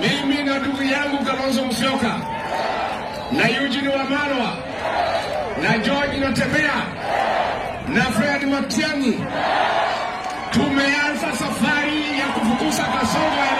mimi na ndugu yangu Kalonzo Musyoka na Eugene Wamalwa na George Natembeya na Fred Matiang'i tumeanza safari ya kufukuza kasongo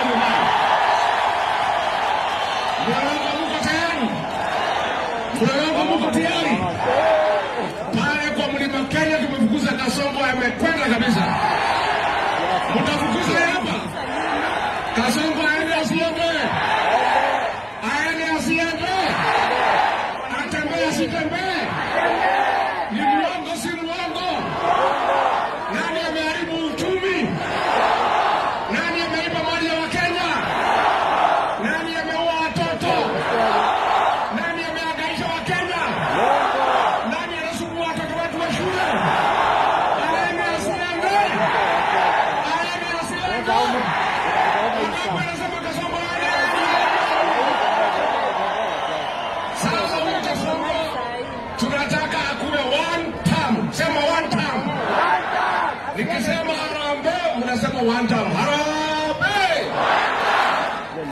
wanasema one time. Harambe!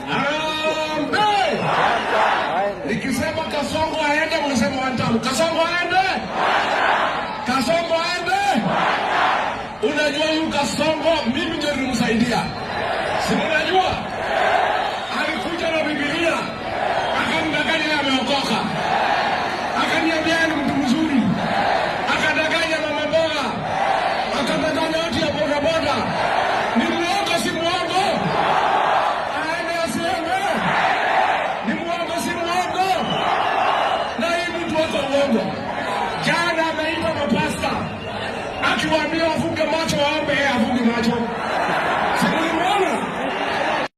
Harambee! Nikisema Kasongo aende, mnasema one time. Kasongo aende! Kasongo aende! Unajua huyu Kasongo mimi ndio nilimsaidia. Si unajua? akiwaambia wafunge macho waombe, afunge